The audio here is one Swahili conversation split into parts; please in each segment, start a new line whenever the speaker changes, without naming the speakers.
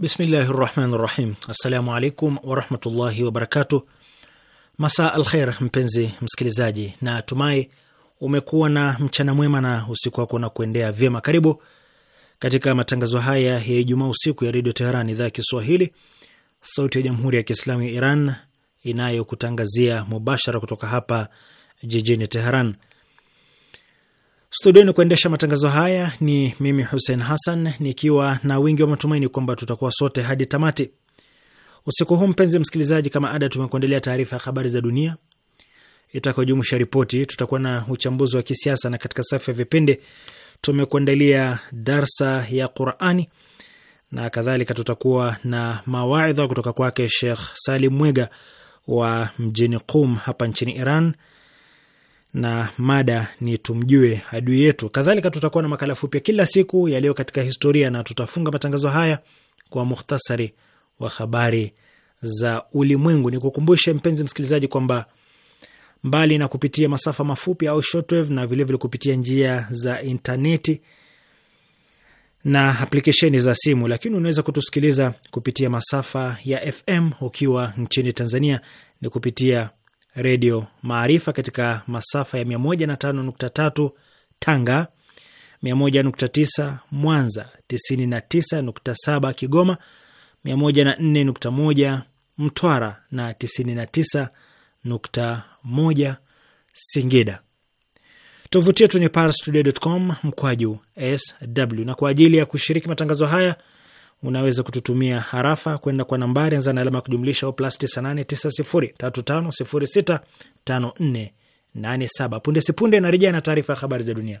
Bismillahi rahmani rahim. Assalamu alaikum warahmatullahi wabarakatuh. Masa al kheir mpenzi msikilizaji, na tumai umekuwa na mchana mwema na usiku wako na kuendea vyema. Karibu katika matangazo haya ya Ijumaa usiku ya redio Teheran, idhaa ya Kiswahili, sauti ya jamhuri ya kiislamu ya Iran inayokutangazia mubashara kutoka hapa jijini Teheran. Studioni kuendesha matangazo haya ni mimi Hussein Hassan, nikiwa na wingi wa matumaini kwamba tutakuwa sote hadi tamati usiku huu. Mpenzi msikilizaji, kama ada, tumekuandalia taarifa ya habari za dunia itakayojumuisha ripoti, tutakuwa na uchambuzi wa kisiasa, na katika safu ya vipindi tumekuandalia darsa ya Qurani na kadhalika. Tutakuwa na mawaidha kutoka kwake Shekh Salim Mwega wa mjini Qum hapa nchini Iran na mada ni tumjue adui yetu. Kadhalika tutakuwa na makala fupi kila siku yaliyo katika historia, na tutafunga matangazo haya kwa muhtasari wa habari za ulimwengu. Ni kukumbushe mpenzi msikilizaji kwamba mbali na kupitia masafa mafupi au shortwave, na vilevile vile kupitia njia za intaneti na aplikesheni za simu, lakini unaweza kutusikiliza kupitia masafa ya FM ukiwa nchini Tanzania ni kupitia Redio Maarifa katika masafa ya 105.3 Tanga, 101.9 Mwanza, 99.7 Kigoma, 104.1 Mtwara na 99.1 Singida. Tovuti yetu ni parstoday.com mkwaju sw. Na kwa ajili ya kushiriki matangazo haya unaweza kututumia harafa kwenda kwa nambari anza na alama ya kujumlisha o plus 989035065487. Punde sipunde narejea na taarifa ya habari za dunia.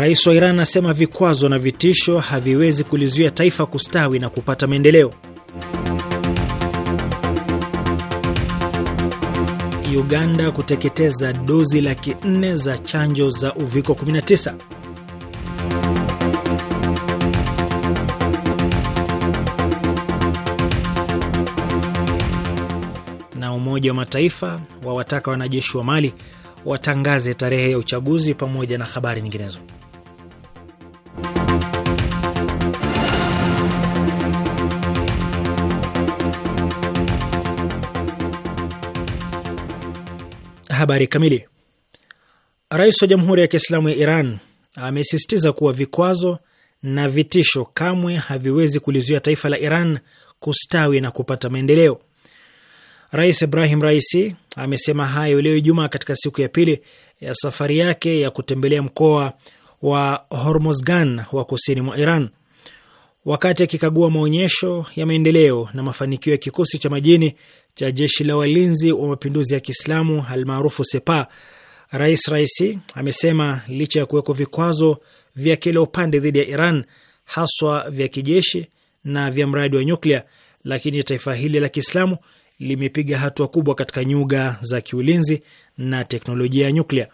Rais wa Iran anasema vikwazo na vitisho haviwezi kulizuia taifa kustawi na kupata maendeleo. Uganda kuteketeza dozi laki nne za chanjo za uviko 19. Na Umoja wa Mataifa wawataka wanajeshi wa Mali watangaze tarehe ya uchaguzi pamoja na habari nyinginezo. Habari kamili. Rais wa Jamhuri ya Kiislamu ya Iran amesisitiza kuwa vikwazo na vitisho kamwe haviwezi kulizuia taifa la Iran kustawi na kupata maendeleo. Rais Ibrahim Raisi amesema hayo leo Ijumaa katika siku ya pili ya safari yake ya kutembelea mkoa wa Hormozgan wa kusini mwa Iran wakati akikagua maonyesho ya maendeleo na mafanikio ya kikosi cha majini cha jeshi la walinzi wa mapinduzi ya Kiislamu almaarufu Sepa, Rais Raisi amesema licha ya kuwekwa vikwazo vya kila upande dhidi ya Iran, haswa vya kijeshi na vya mradi wa nyuklia, lakini taifa hili la Kiislamu limepiga hatua kubwa katika nyuga za kiulinzi na teknolojia ya nyuklia.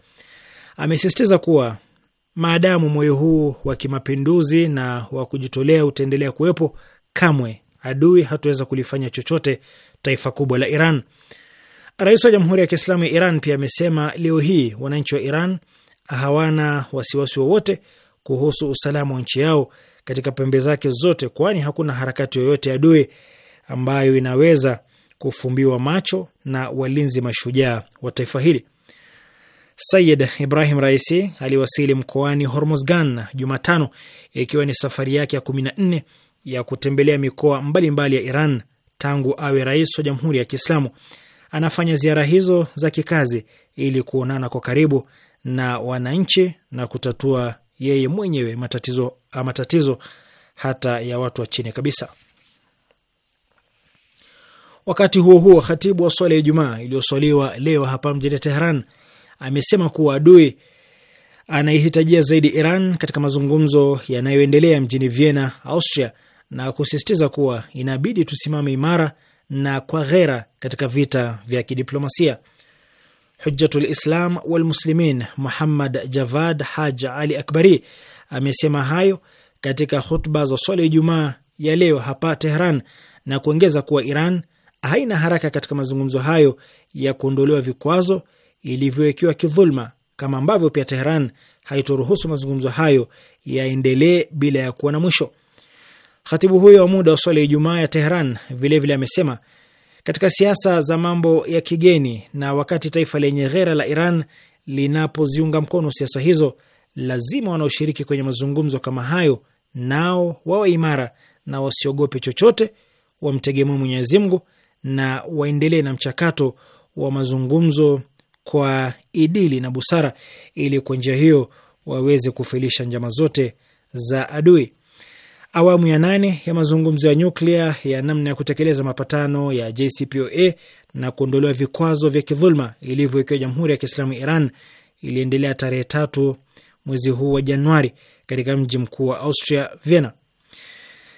Amesisitiza kuwa maadamu moyo huu wa kimapinduzi na wa kujitolea utaendelea kuwepo, kamwe adui hatuweza kulifanya chochote taifa kubwa la Iran. Rais wa Jamhuri ya Kiislamu ya Iran pia amesema leo hii wananchi wa Iran hawana wasiwasi wowote kuhusu usalama wa nchi yao katika pembe zake zote, kwani hakuna harakati yoyote ya adui ambayo inaweza kufumbiwa macho na walinzi mashujaa wa taifa hili. Sayid Ibrahim Raisi aliwasili mkoani Hormozgan Jumatano, ikiwa ni safari yake ya kumi na nne ya kutembelea mikoa mbalimbali mbali ya Iran tangu awe rais wa Jamhuri ya Kiislamu. Anafanya ziara hizo za kikazi ili kuonana kwa karibu na wananchi na kutatua yeye mwenyewe matatizo, matatizo hata ya watu wa chini kabisa. Wakati huo huo, khatibu wa swala ya Ijumaa iliyoswaliwa leo hapa mjini Tehran amesema kuwa adui anaihitajia zaidi Iran katika mazungumzo yanayoendelea mjini Vienna, Austria, na kusisitiza kuwa inabidi tusimame imara na kwa ghera katika vita vya kidiplomasia. Hujjatul Islam Walmuslimin Muhammad Javad Haj Ali Akbari amesema hayo katika hutba za swala ya Ijumaa ya leo hapa Tehran na kuongeza kuwa Iran haina haraka katika mazungumzo hayo ya kuondolewa vikwazo ilivyowekiwa kidhulma, kama ambavyo pia Tehran haitoruhusu mazungumzo hayo yaendelee bila ya kuwa na mwisho. Khatibu huyo wa muda wa swala ya Ijumaa ya Tehran vilevile amesema katika siasa za mambo ya kigeni na wakati taifa lenye ghera la Iran linapoziunga mkono siasa hizo, lazima wanaoshiriki kwenye mazungumzo kama hayo nao wawe imara na wasiogope chochote, wamtegemee Mwenyezi Mungu na waendelee na mchakato wa mazungumzo kwa idili na busara, ili kwa njia hiyo waweze kufilisha njama zote za adui awamu ya nane ya mazungumzo ya nyuklia ya namna ya kutekeleza mapatano ya JCPOA na kuondolewa vikwazo vya kidhulma ilivyowekewa Jamhuri ya Kiislamu Iran iliendelea tarehe tatu mwezi huu wa Januari katika mji mkuu wa Austria, Vienna.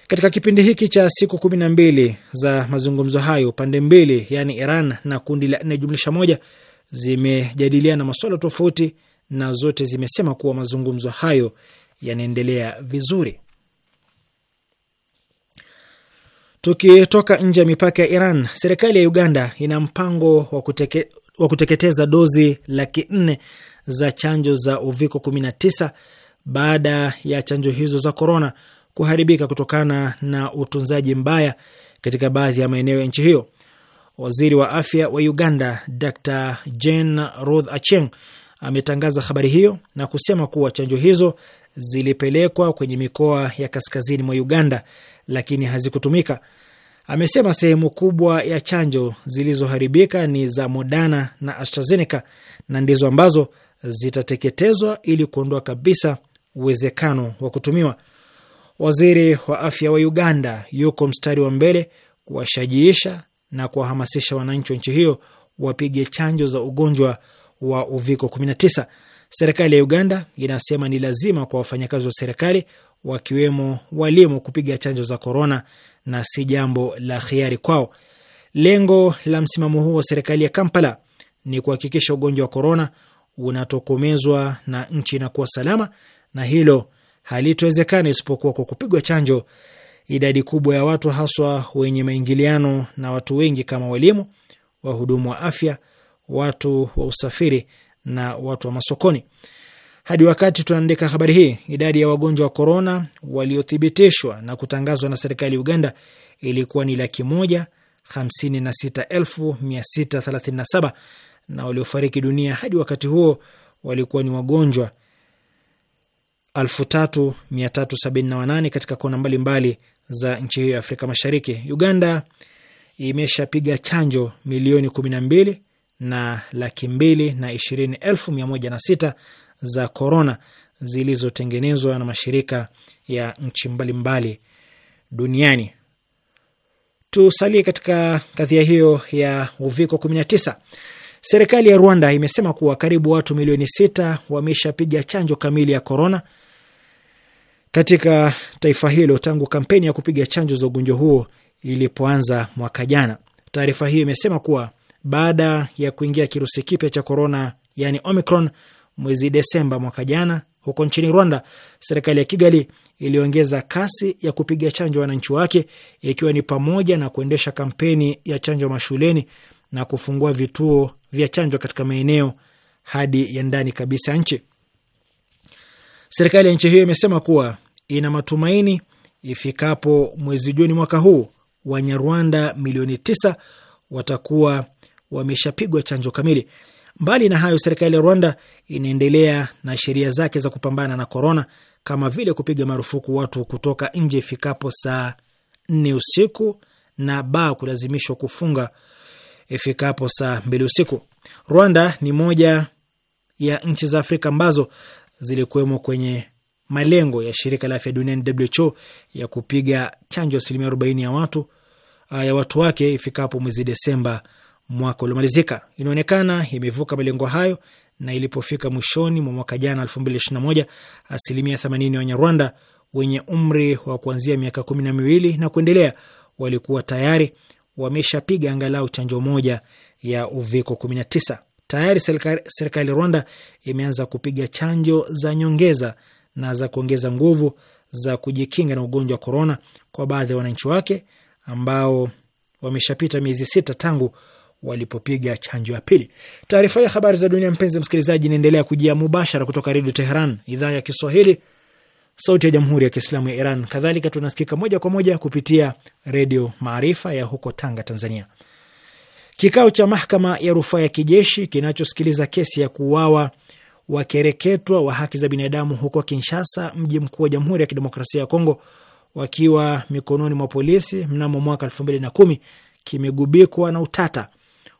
Katika kipindi hiki cha siku kumi na mbili za mazungumzo hayo, pande mbili, yaani Iran na kundi la nne jumlisha moja, zimejadiliana masuala tofauti na zote zimesema kuwa mazungumzo hayo yanaendelea vizuri. Tukitoka nje ya mipaka ya Iran, serikali ya Uganda ina mpango wa, kuteke, wa kuteketeza dozi laki nne za chanjo za uviko 19 baada ya chanjo hizo za korona kuharibika kutokana na utunzaji mbaya katika baadhi ya maeneo ya nchi hiyo. Waziri wa afya wa Uganda Dr Jane Ruth Acheng ametangaza habari hiyo na kusema kuwa chanjo hizo zilipelekwa kwenye mikoa ya kaskazini mwa Uganda lakini hazikutumika. Amesema sehemu kubwa ya chanjo zilizoharibika ni za Moderna na AstraZeneca na ndizo ambazo zitateketezwa ili kuondoa kabisa uwezekano wa kutumiwa. Waziri wa afya wa Uganda yuko mstari wa mbele kuwashajiisha na kuwahamasisha wananchi wa nchi hiyo wapige chanjo za ugonjwa wa uviko 19. Serikali ya Uganda inasema ni lazima kwa wafanyakazi wa serikali wakiwemo walimu kupiga chanjo za korona na si jambo la hiari kwao. Lengo la msimamo huu wa serikali ya Kampala ni kuhakikisha ugonjwa wa korona unatokomezwa na nchi inakuwa salama, na hilo halitowezekana isipokuwa kwa kupigwa chanjo idadi kubwa ya watu, haswa wenye maingiliano na watu wengi kama walimu, wahudumu wa afya, watu wa usafiri na watu wa masokoni. Hadi wakati tunaandika habari hii, idadi ya wagonjwa wa korona waliothibitishwa na kutangazwa na serikali ya Uganda ilikuwa ni laki moja hamsini na sita elfu mia sita thelathini na saba na waliofariki dunia hadi wakati huo walikuwa ni wagonjwa elfu tatu mia tatu sabini na wanane katika kona mbalimbali za nchi hiyo ya Afrika Mashariki. Uganda imeshapiga chanjo milioni kumi na mbili na laki mbili na ishirini elfu mia moja na sita za korona zilizotengenezwa na mashirika ya nchi mbalimbali duniani. Tusalie katika kadhia hiyo ya uviko 19. Serikali ya Rwanda imesema kuwa karibu watu milioni sita wameshapiga chanjo kamili ya korona katika taifa hilo tangu kampeni ya kupiga chanjo za ugonjwa huo ilipoanza mwaka jana. Taarifa hiyo imesema kuwa baada ya kuingia kirusi kipya cha korona, yani Omicron, mwezi Desemba mwaka jana, huko nchini Rwanda, serikali ya Kigali iliongeza kasi ya kupiga chanjo wananchi wake, ikiwa ni pamoja na kuendesha kampeni ya chanjo mashuleni na kufungua vituo vya chanjo katika maeneo hadi ya ndani kabisa nchi. Serikali ya nchi hiyo imesema kuwa ina matumaini ifikapo mwezi Juni mwaka huu Wanyarwanda milioni tisa watakuwa wameshapigwa chanjo kamili. Mbali na hayo, serikali ya Rwanda inaendelea na sheria zake za kupambana na korona kama vile kupiga marufuku watu kutoka nje ifikapo saa nne usiku na baa kulazimishwa kufunga ifikapo saa mbili usiku. Rwanda ni moja ya nchi za Afrika ambazo zilikuwemo kwenye malengo ya shirika la afya duniani WHO ya kupiga chanjo asilimia arobaini ya watu ya watu wake ifikapo mwezi Desemba mwaka uliomalizika. Inaonekana imevuka malengo hayo na ilipofika mwishoni mwa mwaka jana 2021, asilimia 80 ya Wanyarwanda wenye umri wa kuanzia miaka kumi na miwili na kuendelea walikuwa tayari wameshapiga angalau chanjo moja ya uviko 19. Tayari serikali ya Rwanda imeanza kupiga chanjo za nyongeza na za kuongeza nguvu za kujikinga na ugonjwa wa korona kwa baadhi ya wananchi wake ambao wameshapita miezi sita tangu walipopiga chanjo ya pili. Taarifa ya habari za dunia, mpenzi msikilizaji, inaendelea kujia mubashara kutoka Redio Teheran, idhaa ya Kiswahili, sauti ya Jamhuri ya Kiislamu ya Iran. Kadhalika tunasikika moja kwa moja kupitia Redio Maarifa ya huko Tanga, Tanzania. Kikao cha mahakama ya rufaa ya kijeshi kinachosikiliza kesi ya kuuawa wakereketwa wa haki za binadamu huko Kinshasa, mji mkuu wa Jamhuri ya Kidemokrasia ya Kongo, wakiwa mikononi mwa polisi mnamo mwaka elfu mbili na kumi kimegubikwa na utata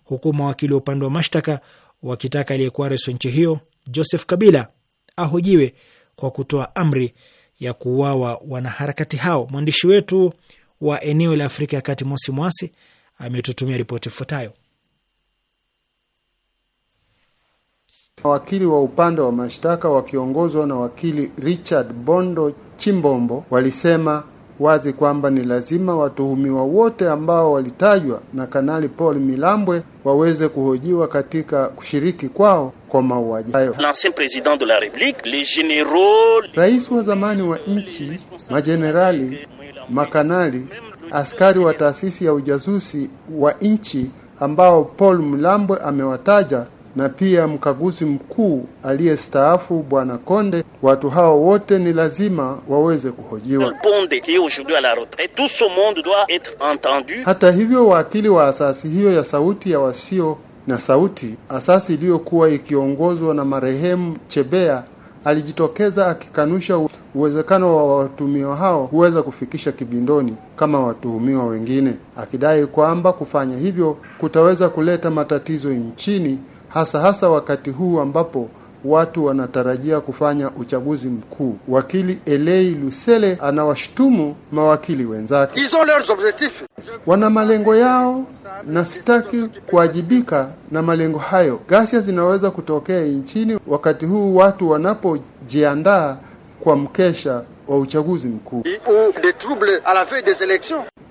huku mawakili wa upande wa mashtaka wakitaka aliyekuwa rais wa nchi hiyo Joseph Kabila ahojiwe kwa kutoa amri ya kuuawa wanaharakati hao. Mwandishi wetu wa eneo la Afrika ya Kati, Mosi Mwasi, ametutumia ripoti ifuatayo.
Mawakili wa upande wa mashtaka wakiongozwa na wakili Richard Bondo Chimbombo walisema wazi kwamba ni lazima watuhumiwa wote ambao walitajwa na Kanali Paul Milambwe waweze kuhojiwa katika kushiriki kwao kwa mauaji hayo. Rais wa zamani wa nchi, majenerali, makanali, askari wa taasisi ya ujasusi wa nchi ambao Paul Milambwe amewataja na pia mkaguzi mkuu aliyestaafu Bwana Konde. Watu hao wote ni lazima waweze kuhojiwa. Hata hivyo, wakili wa asasi hiyo ya sauti ya wasio na sauti, asasi iliyokuwa ikiongozwa na marehemu Chebea, alijitokeza akikanusha uwezekano wa watuhumiwa hao kuweza kufikisha kibindoni kama watuhumiwa wengine, akidai kwamba kufanya hivyo kutaweza kuleta matatizo nchini hasa hasa wakati huu ambapo watu wanatarajia kufanya uchaguzi mkuu. Wakili Elei Lusele anawashutumu mawakili wenzake, wana malengo yao na sitaki kuwajibika na malengo hayo. Ghasia zinaweza kutokea nchini wakati huu watu wanapojiandaa kwa mkesha wa uchaguzi mkuu.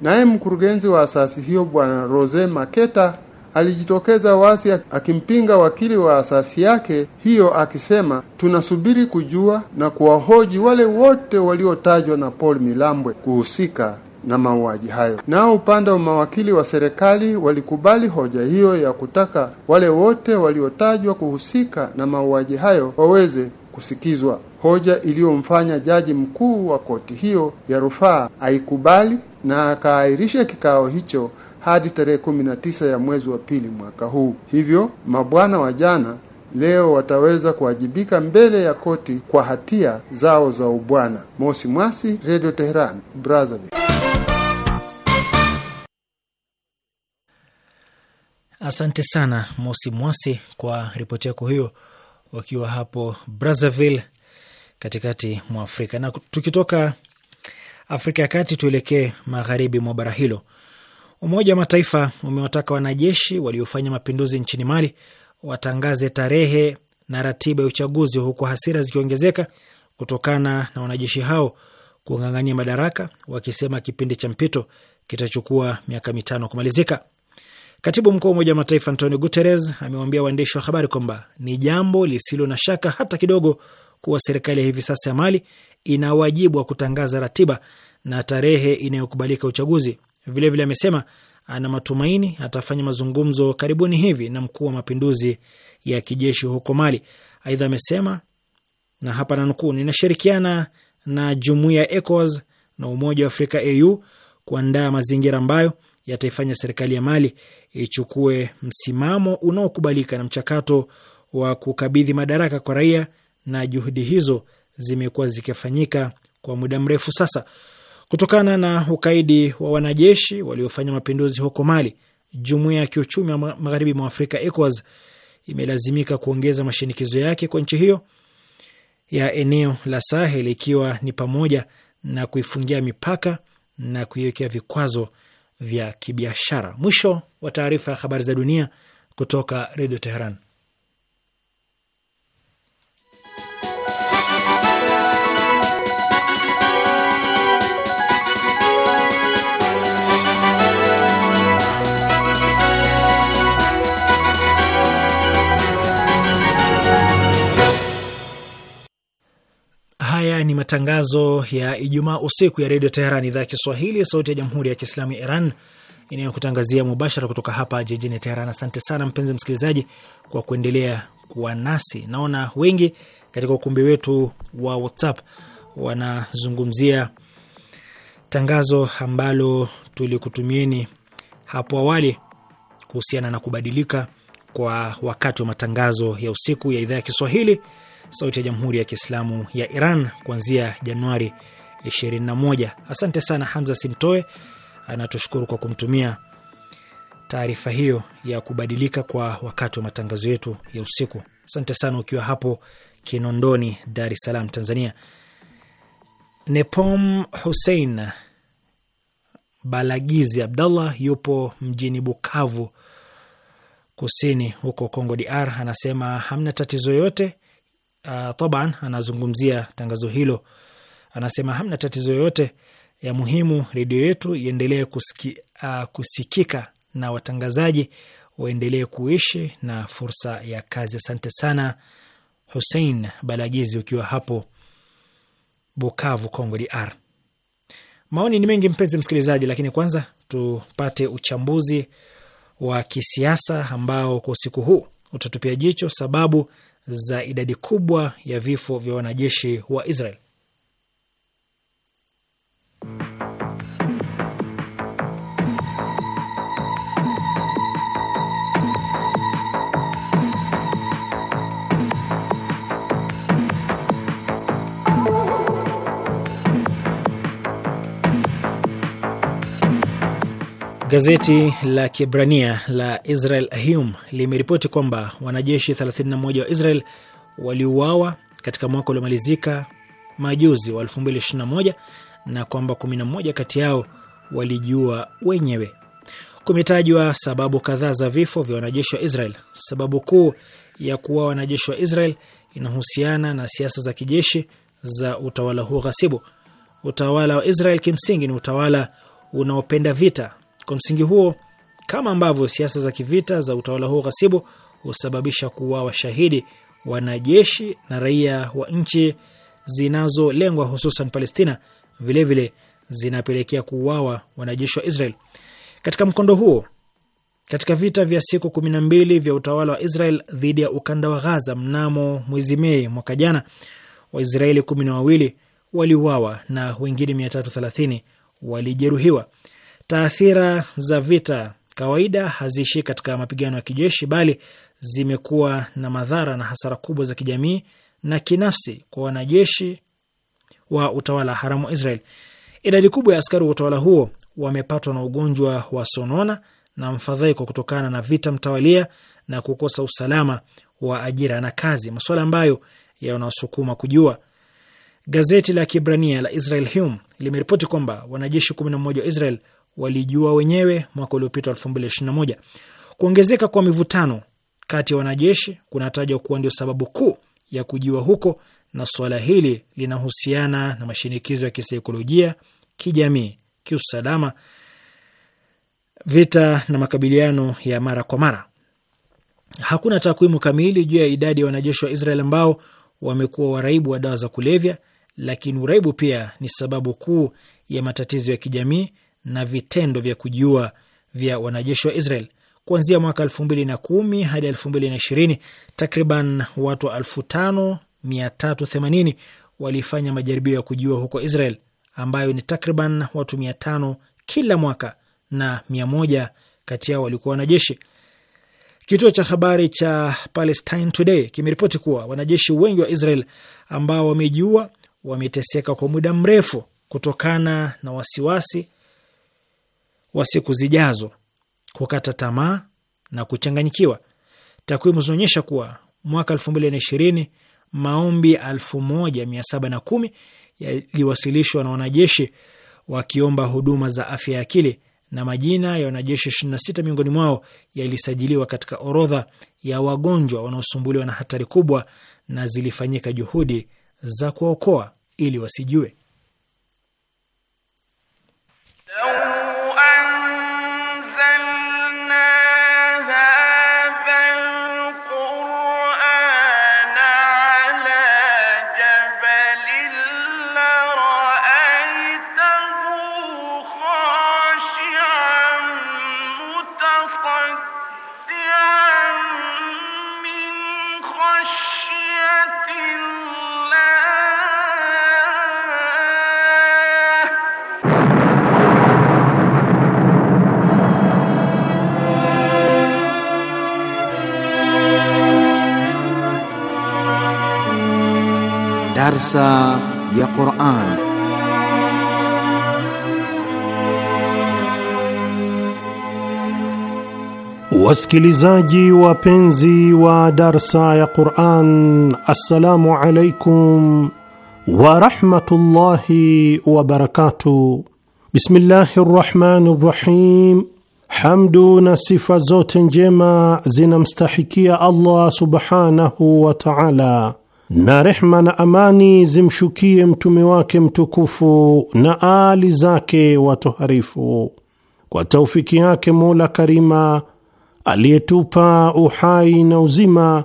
Naye mkurugenzi wa asasi hiyo Bwana Rose Maketa alijitokeza wazi akimpinga wakili wa asasi yake hiyo akisema, tunasubiri kujua na kuwahoji wale wote waliotajwa na Paul Milambwe kuhusika na mauaji hayo. Nao upande wa mawakili wa serikali walikubali hoja hiyo ya kutaka wale wote waliotajwa kuhusika na mauaji hayo waweze kusikizwa, hoja iliyomfanya jaji mkuu wa koti hiyo ya rufaa aikubali na akaahirisha kikao hicho hadi tarehe kumi na tisa ya mwezi wa pili mwaka huu. Hivyo mabwana wa jana leo wataweza kuwajibika mbele ya koti kwa hatia zao za ubwana. Mosi Mwasi, Radio Teheran, Brazzaville.
Asante sana Mosi Mwasi kwa ripoti yako hiyo, wakiwa hapo Brazzaville katikati mwa Afrika. Na tukitoka Afrika ya kati tuelekee magharibi mwa bara hilo. Umoja wa Mataifa umewataka wanajeshi waliofanya mapinduzi nchini Mali watangaze tarehe na ratiba ya uchaguzi, huku hasira zikiongezeka kutokana na wanajeshi hao kung'ang'ania madaraka, wakisema kipindi cha mpito kitachukua miaka mitano kumalizika. Katibu mkuu wa Umoja wa Mataifa Antonio Guterres amewaambia waandishi wa habari kwamba ni jambo lisilo na shaka hata kidogo kuwa serikali ya hivi sasa ya Mali ina wajibu wa kutangaza ratiba na tarehe inayokubalika uchaguzi Vilevile amesema ana matumaini atafanya mazungumzo karibuni hivi na mkuu wa mapinduzi ya kijeshi huko Mali. Aidha amesema na hapa nanukuu, ninashirikiana na jumuiya ya ECOWAS na Umoja wa Afrika AU kuandaa mazingira ambayo yataifanya serikali ya Mali ichukue msimamo unaokubalika na mchakato wa kukabidhi madaraka kwa raia, na juhudi hizo zimekuwa zikifanyika kwa muda mrefu sasa. Kutokana na ukaidi wa wanajeshi waliofanya mapinduzi huko Mali, jumuiya ya kiuchumi wa magharibi mwa Afrika ECOWAS imelazimika kuongeza mashinikizo yake kwa nchi hiyo ya eneo la Sahel, ikiwa ni pamoja na kuifungia mipaka na kuiwekea vikwazo vya kibiashara. Mwisho wa taarifa ya habari za dunia kutoka Redio Teheran. Haya ni matangazo ya Ijumaa usiku ya Redio Teheran, idhaa ya Kiswahili, sauti ya Jamhuri ya Kiislamu ya Iran inayokutangazia mubashara kutoka hapa jijini Teheran. Asante sana mpenzi msikilizaji kwa kuendelea kuwa nasi. Naona wengi katika ukumbi wetu wa WhatsApp wanazungumzia tangazo ambalo tulikutumieni hapo awali kuhusiana na kubadilika kwa wakati wa matangazo ya usiku ya idhaa ya Kiswahili sauti ya jamhuri ya kiislamu ya Iran kuanzia Januari 21. Asante sana Hamza Simtoe, anatushukuru kwa kumtumia taarifa hiyo ya kubadilika kwa wakati wa matangazo yetu ya usiku. Asante sana ukiwa hapo Kinondoni, Dar es Salaam, Tanzania. Nepom Hussein Balagizi Abdallah yupo mjini Bukavu kusini huko Congo DR, anasema hamna tatizo yote Uh, anazungumzia tangazo hilo, anasema hamna tatizo yoyote ya muhimu, redio yetu iendelee kusiki, uh, ah, kusikika na watangazaji waendelee kuishi na fursa ya kazi. Asante sana Hussein Balagizi ukiwa hapo Bukavu, Congo DR. Maoni ni mengi mpenzi msikilizaji, lakini kwanza tupate uchambuzi wa kisiasa ambao kwa usiku huu utatupia jicho sababu za idadi kubwa ya vifo vya wanajeshi wa Israel. Gazeti la kibrania la Israel Ahum limeripoti kwamba wanajeshi 31 wa Israel waliuawa katika mwaka uliomalizika majuzi wa 2021 na kwamba 11 kati yao walijua wenyewe. Kumetajwa sababu kadhaa za vifo vya wanajeshi wa Israel. Sababu kuu ya kuwa wanajeshi wa Israel inahusiana na siasa za kijeshi za utawala huo ghasibu. Utawala wa Israel kimsingi ni utawala unaopenda vita kwa msingi huo, kama ambavyo siasa za kivita za utawala huo ghasibu husababisha kuwa washahidi wanajeshi na raia wa nchi zinazolengwa hususan Palestina, vilevile vile zinapelekea kuuawa wanajeshi wa Israel. Katika mkondo huo, katika vita vya siku kumi na mbili vya utawala wa Israel dhidi ya ukanda wa Ghaza mnamo mwezi Mei mwaka jana, Waisraeli kumi na wawili waliuawa na wengine mia 330 walijeruhiwa. Taathira za vita kawaida haziishii katika mapigano ya kijeshi, bali zimekuwa na madhara na hasara kubwa za kijamii na kinafsi kwa wanajeshi wa utawala haramu wa Israel. Idadi kubwa ya askari wa utawala huo wamepatwa na ugonjwa wa sonona na mfadhaiko kutokana na vita mtawalia na kukosa usalama wa ajira na kazi, masuala ambayo yanawasukuma kujua. Gazeti la Kibrania la Israel Hum limeripoti kwamba wanajeshi 11 wa Israel walijua wenyewe mwaka uliopita 2021. Kuongezeka kwa mivutano kati ya wanajeshi kunatajwa kuwa ndio sababu kuu ya kujiwa huko, na suala hili linahusiana na mashinikizo ya kisaikolojia, kijamii, kiusalama, vita na makabiliano ya mara kwa mara. Hakuna takwimu kamili juu ya idadi ya wanajeshi wa Israel ambao wamekuwa waraibu wa dawa za kulevya, lakini uraibu pia ni sababu kuu ya matatizo ya kijamii na vitendo vya kujiua vya wanajeshi wa Israel. Kuanzia mwaka elfu mbili na kumi hadi elfu mbili na ishirini takriban watu elfu tano mia tatu themanini walifanya majaribio ya kujiua huko Israel, ambayo ni takriban watu mia tano kila mwaka na mia moja kati yao walikuwa wanajeshi. Kituo cha habari cha Palestine Today kimeripoti kuwa wanajeshi wengi wa Israel ambao wamejiua wameteseka kwa muda mrefu kutokana na wasiwasi wa siku zijazo kukata tamaa na kuchanganyikiwa. Takwimu zinaonyesha kuwa mwaka ishirini maombi kumi yaliwasilishwa na wanajeshi wakiomba huduma za afya ya akili na majina ya wanajeshi 26 miongoni mwao yalisajiliwa katika orodha ya wagonjwa wanaosumbuliwa na hatari kubwa, na zilifanyika juhudi za kuwaokoa ili wasijue درسا يا
قرآن Wasikilizaji wapenzi wa darsa ya Qur'an, assalamu alaikum wa rahmatullahi wa barakatuh. Bismillahi rrahmani rrahim. Hamdu na sifa zote njema zinamstahikia Allah subhanahu wa ta'ala na rehma na amani zimshukie mtume wake mtukufu na aali zake watoharifu. Kwa taufiki yake Mola Karima aliyetupa uhai na uzima,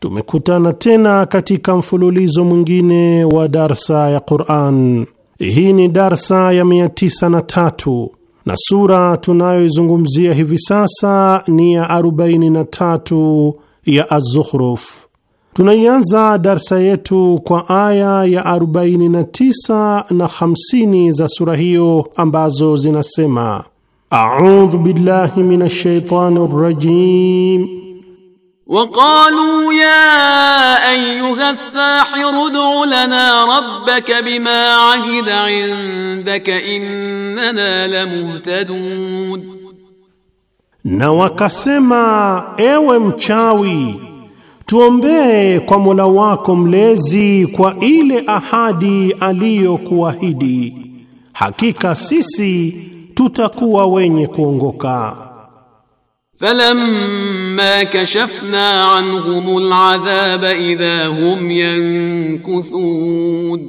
tumekutana tena katika mfululizo mwingine wa darsa ya Quran. Hii ni darsa ya 93 na sura tunayoizungumzia hivi sasa ni ya 43 ya Az-Zukhruf. Tunaianza darsa yetu kwa aya ya 49 na 50 za sura hiyo ambazo zinasema: audhu billahi minash shaitani rajim
wa
ya ayyuha sahiru ud'u lana rabbaka bima ahida indaka innana lamuhtadun,
na wakasema ewe mchawi Tuombee kwa Mola wako mlezi kwa ile ahadi aliyokuahidi, hakika sisi tutakuwa wenye kuongoka.
Falamma kashafna anhum al'adhab idha hum yankuthun,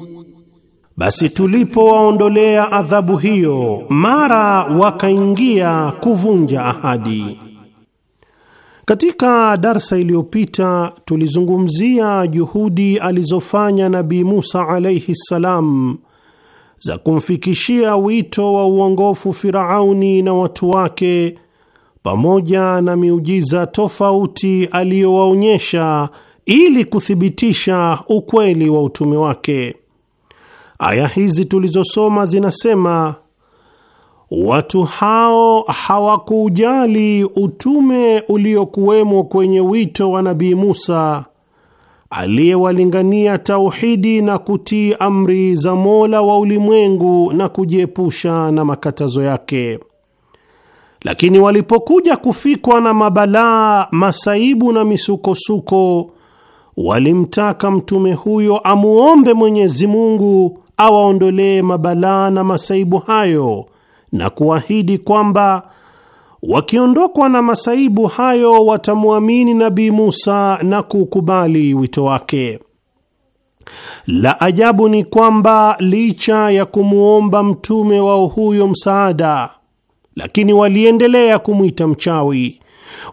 basi tulipowaondolea adhabu hiyo mara wakaingia kuvunja ahadi. Katika darsa iliyopita tulizungumzia juhudi alizofanya Nabii Musa alaihi ssalam za kumfikishia wito wa uongofu Firauni na watu wake, pamoja na miujiza tofauti aliyowaonyesha ili kuthibitisha ukweli wa utume wake. Aya hizi tulizosoma zinasema Watu hao hawakujali utume uliokuwemo kwenye wito wa Nabii Musa aliyewalingania tauhidi na kutii amri za Mola wa ulimwengu na kujiepusha na makatazo yake. Lakini walipokuja kufikwa na mabalaa, masaibu na misukosuko, walimtaka mtume huyo amuombe Mwenyezi Mungu awaondolee mabalaa na masaibu hayo na kuahidi kwamba wakiondokwa na masaibu hayo watamwamini Nabii Musa na kukubali wito wake. La ajabu ni kwamba licha ya kumwomba mtume wao huyo msaada, lakini waliendelea kumwita mchawi.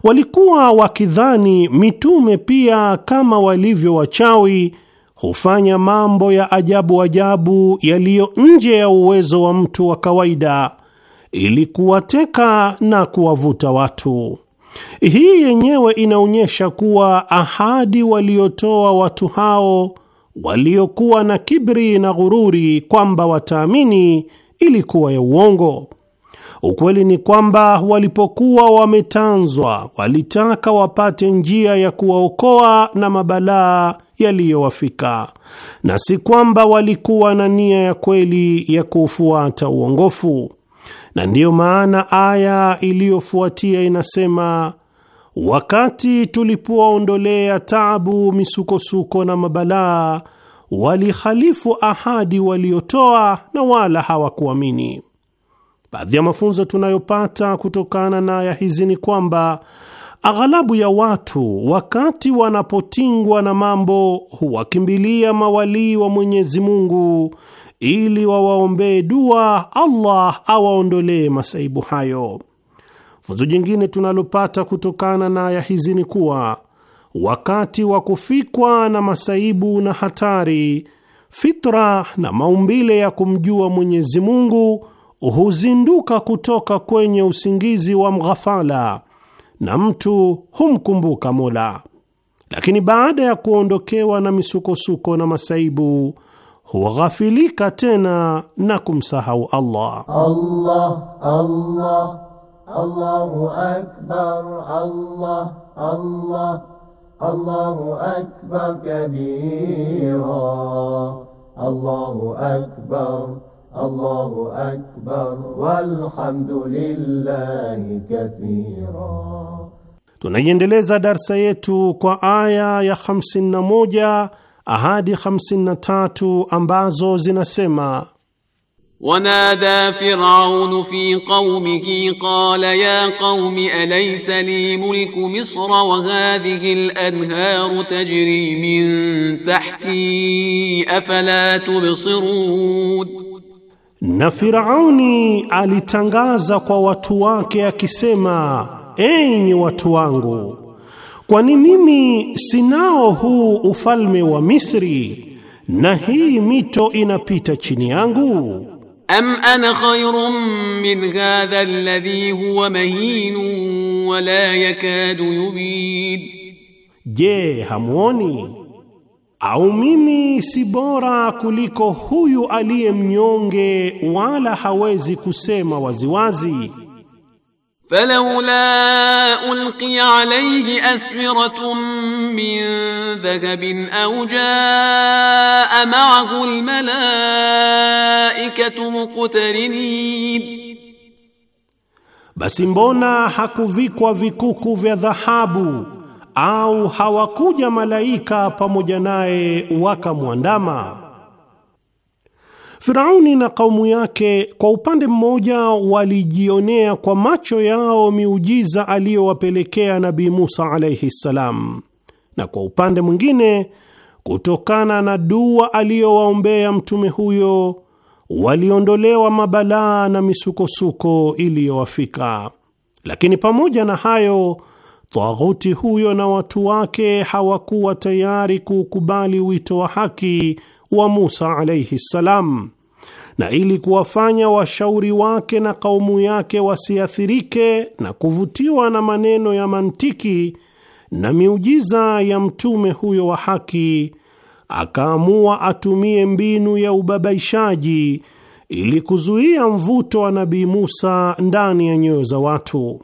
Walikuwa wakidhani mitume pia kama walivyo wachawi hufanya mambo ya ajabu ajabu yaliyo nje ya uwezo wa mtu wa kawaida ili kuwateka na kuwavuta watu. Hii yenyewe inaonyesha kuwa ahadi waliotoa watu hao waliokuwa na kibri na ghururi kwamba wataamini ilikuwa ya uongo. Ukweli ni kwamba walipokuwa wametanzwa, walitaka wapate njia ya kuwaokoa na mabalaa yaliyowafika, na si kwamba walikuwa na nia ya kweli ya kufuata uongofu na ndiyo maana aya iliyofuatia inasema, wakati tulipowaondolea tabu misukosuko na mabalaa, walihalifu ahadi waliotoa na wala hawakuamini. Baadhi ya mafunzo tunayopata kutokana na aya hizi ni kwamba aghalabu ya watu wakati wanapotingwa na mambo huwakimbilia mawalii wa Mwenyezi Mungu ili wawaombee dua Allah awaondolee masaibu hayo. Funzo jingine tunalopata kutokana na aya hizi ni kuwa wakati wa kufikwa na masaibu na hatari, fitra na maumbile ya kumjua Mwenyezi Mungu huzinduka kutoka kwenye usingizi wa mghafala na mtu humkumbuka Mola, lakini baada ya kuondokewa na misukosuko na masaibu huwaghafilika tena na kumsahau Allah.
Allah, Allah, Allahu akbar, Allah, Allah, Allahu akbar kabira, Allahu akbar Allahu akbar walhamdulillahi kathira.
Tunaiendeleza darsa yetu kwa aya ya 51 ahadi 53 ambazo zinasema
Wanada Firaun fi qaumihi qala ya qaumi alaysa li mulku misra wa hadhihi al-anharu tajri min tahti afala tubsirun,
na Firauni alitangaza kwa watu wake akisema, enyi watu wangu Kwani mimi sinao huu ufalme wa Misri na hii mito inapita chini yangu?
Am ana khayrun min hadha alladhi huwa mahinu wa la yakadu yubid,
je, hamuoni au mimi si bora kuliko huyu aliye mnyonge wala hawezi kusema waziwazi
Falaula ulqiya alayhi aswiratun min dhahabin au jaa ma'ahu
almalaikatu muqtarinin, basi mbona hakuvikwa vikuku vya dhahabu au hawakuja malaika pamoja naye wakamwandama Firauni na kaumu yake kwa upande mmoja walijionea kwa macho yao miujiza aliyowapelekea Nabii Musa alaihi ssalam, na kwa upande mwingine, kutokana na dua aliyowaombea mtume huyo, waliondolewa mabalaa na misukosuko iliyowafika. Lakini pamoja na hayo, taghuti huyo na watu wake hawakuwa tayari kuukubali wito wa haki wa Musa alaihi ssalam, na ili kuwafanya washauri wake na kaumu yake wasiathirike na kuvutiwa na maneno ya mantiki na miujiza ya mtume huyo wa haki, akaamua atumie mbinu ya ubabaishaji ili kuzuia mvuto wa Nabii Musa ndani ya nyoyo za watu.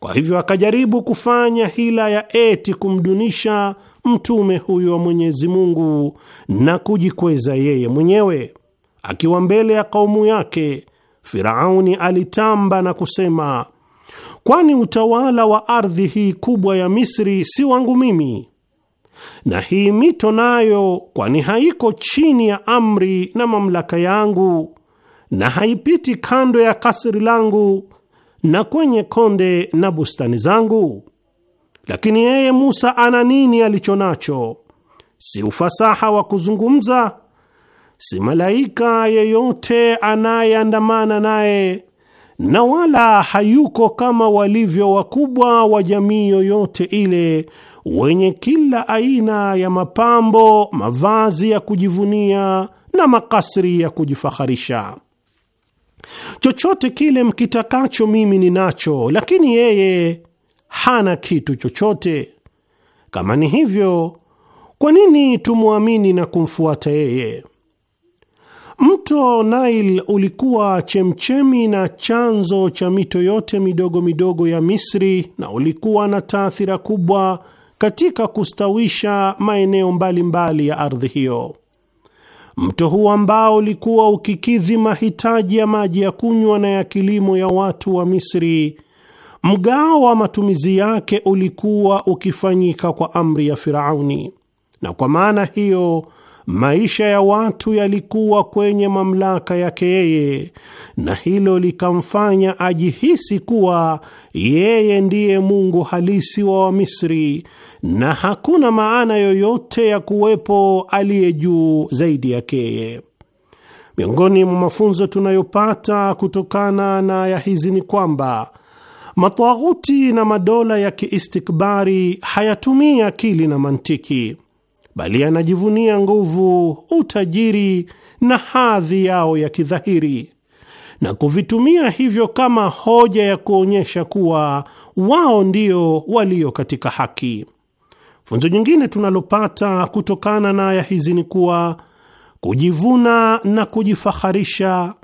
Kwa hivyo akajaribu kufanya hila ya eti kumdunisha mtume huyo wa Mwenyezi Mungu na kujikweza yeye mwenyewe. Akiwa mbele ya kaumu yake, Firauni alitamba na kusema, kwani utawala wa ardhi hii kubwa ya Misri si wangu mimi? Na hii mito nayo, kwani haiko chini ya amri na mamlaka yangu, na haipiti kando ya kasri langu na kwenye konde na bustani zangu? Lakini yeye Musa ana nini alicho nacho? Si ufasaha wa kuzungumza, si malaika yeyote anayeandamana naye, na wala hayuko kama walivyo wakubwa wa jamii yoyote ile wenye kila aina ya mapambo, mavazi ya kujivunia na makasri ya kujifaharisha. Chochote kile mkitakacho mimi ninacho, lakini yeye hana kitu chochote. Kama ni hivyo, kwa nini tumwamini na kumfuata yeye? Mto Nile ulikuwa chemchemi na chanzo cha mito yote midogo midogo ya Misri na ulikuwa na taathira kubwa katika kustawisha maeneo mbalimbali mbali ya ardhi hiyo. Mto huu ambao ulikuwa ukikidhi mahitaji ya maji ya kunywa na ya kilimo ya watu wa Misri mgao wa matumizi yake ulikuwa ukifanyika kwa amri ya Firauni, na kwa maana hiyo maisha ya watu yalikuwa kwenye mamlaka yake yeye, na hilo likamfanya ajihisi kuwa yeye ndiye Mungu halisi wa Wamisri na hakuna maana yoyote ya kuwepo aliye juu zaidi yake yeye. Miongoni mwa mafunzo tunayopata kutokana na ya hizi ni kwamba Matawaghuti na madola ya kiistikbari hayatumii akili na mantiki, bali yanajivunia nguvu, utajiri na hadhi yao ya kidhahiri na kuvitumia hivyo kama hoja ya kuonyesha kuwa wao ndio walio katika haki. Funzo nyingine tunalopata kutokana na aya hizi ni kuwa kujivuna na kujifaharisha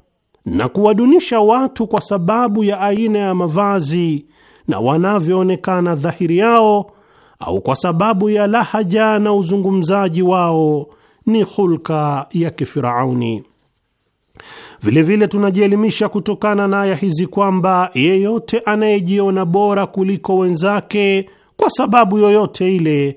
na kuwadunisha watu kwa sababu ya aina ya mavazi na wanavyoonekana dhahiri yao au kwa sababu ya lahaja na uzungumzaji wao ni hulka ya kifirauni. Vilevile tunajielimisha kutokana na aya hizi kwamba yeyote anayejiona bora kuliko wenzake kwa sababu yoyote ile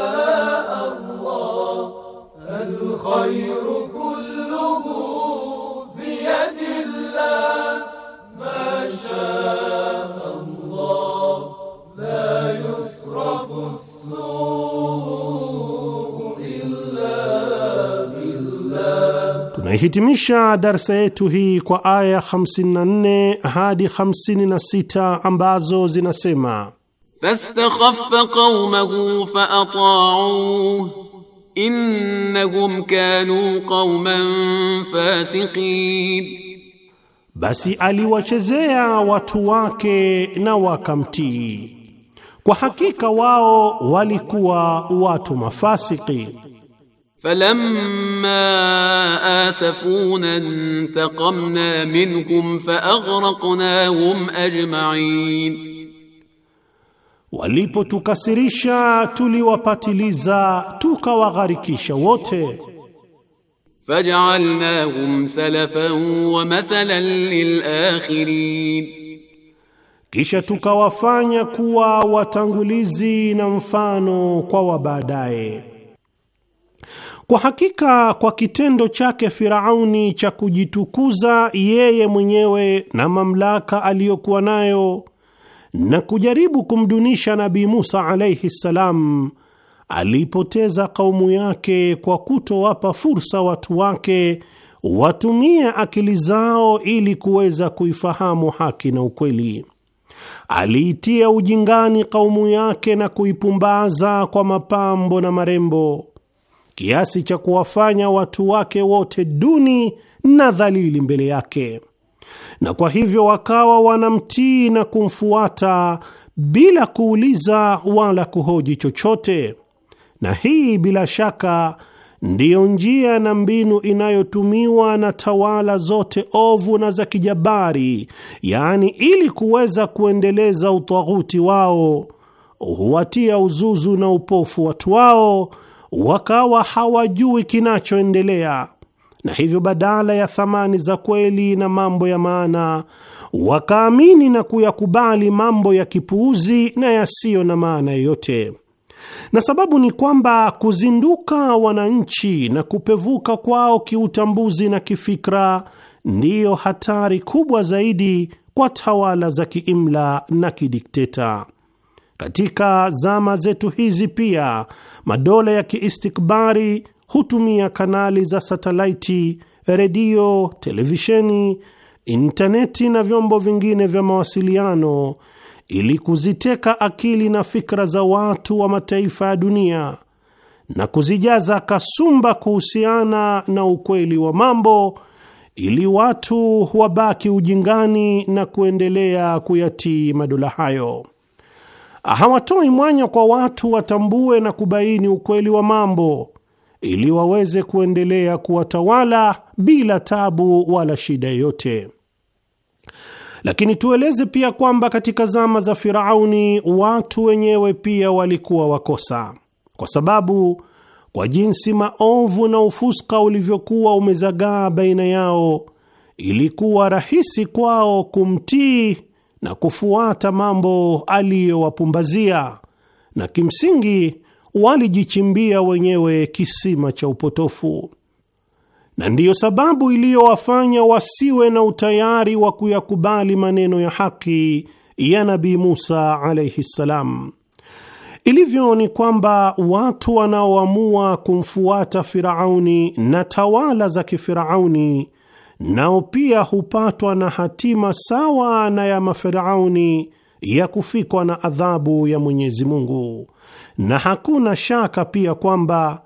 الخير كله
بيد الله
ما شاء الله لا يصرف السوء
إلا بالله. Tunaihitimisha darsa yetu hii kwa aya 54 hadi 56 ambazo zinasema:
فاستخف قومه فأطاعوه إنهم كانوا قوما فاسقين
basi aliwachezea watu wake na wakamtii kwa hakika wao walikuwa watu mafasiki
فلما آسفونا انتقمنا منهم فأغرقناهم أجمعين
Walipotukasirisha tuliwapatiliza tukawagharikisha wote.
Faj'alnahum salafan wa mathalan lilakhirin,
kisha tukawafanya kuwa watangulizi na mfano kwa wabaadaye. Kwa hakika kwa kitendo chake Firauni cha kujitukuza yeye mwenyewe na mamlaka aliyokuwa nayo na kujaribu kumdunisha Nabii Musa alaihi ssalam, aliipoteza kaumu yake kwa kutowapa fursa watu wake watumie akili zao ili kuweza kuifahamu haki na ukweli. Aliitia ujingani kaumu yake na kuipumbaza kwa mapambo na marembo kiasi cha kuwafanya watu wake wote duni na dhalili mbele yake na kwa hivyo wakawa wanamtii na kumfuata bila kuuliza wala kuhoji chochote. Na hii bila shaka ndiyo njia na mbinu inayotumiwa na tawala zote ovu na za kijabari, yaani ili kuweza kuendeleza utwaghuti wao, huwatia uzuzu na upofu watu wao, wakawa hawajui kinachoendelea na hivyo badala ya thamani za kweli na mambo ya maana wakaamini na kuyakubali mambo ya kipuuzi na yasiyo na maana yoyote. Na sababu ni kwamba kuzinduka wananchi na kupevuka kwao kiutambuzi na kifikra ndiyo hatari kubwa zaidi kwa tawala za kiimla na kidikteta. Katika zama zetu hizi pia madola ya kiistikbari hutumia kanali za satelaiti, redio, televisheni, intaneti na vyombo vingine vya mawasiliano ili kuziteka akili na fikra za watu wa mataifa ya dunia na kuzijaza kasumba kuhusiana na ukweli wa mambo ili watu wabaki ujingani na kuendelea kuyatii madola hayo. Hawatoi mwanya kwa watu watambue na kubaini ukweli wa mambo, ili waweze kuendelea kuwatawala bila tabu wala shida yoyote. Lakini tueleze pia kwamba katika zama za Firauni watu wenyewe pia walikuwa wakosa, kwa sababu kwa jinsi maovu na ufuska ulivyokuwa umezagaa baina yao, ilikuwa rahisi kwao kumtii na kufuata mambo aliyowapumbazia, na kimsingi walijichimbia wenyewe kisima cha upotofu, na ndiyo sababu iliyowafanya wasiwe na utayari wa kuyakubali maneno ya haki ya Nabii Musa alaihi ssalam. Ilivyo ni kwamba watu wanaoamua kumfuata Firauni na tawala za kifirauni nao pia hupatwa na hatima sawa na ya mafirauni ya kufikwa na adhabu ya Mwenyezi Mungu na hakuna shaka pia kwamba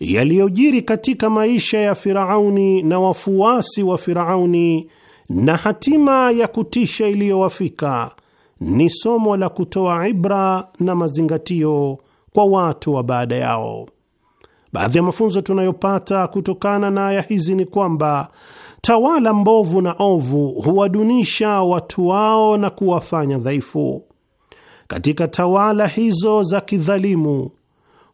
yaliyojiri katika maisha ya Firauni na wafuasi wa Firauni na hatima ya kutisha iliyowafika ni somo la kutoa ibra na mazingatio kwa watu wa baada yao. Baadhi ya mafunzo tunayopata kutokana na aya hizi ni kwamba tawala mbovu na ovu huwadunisha watu wao na kuwafanya dhaifu katika tawala hizo za kidhalimu,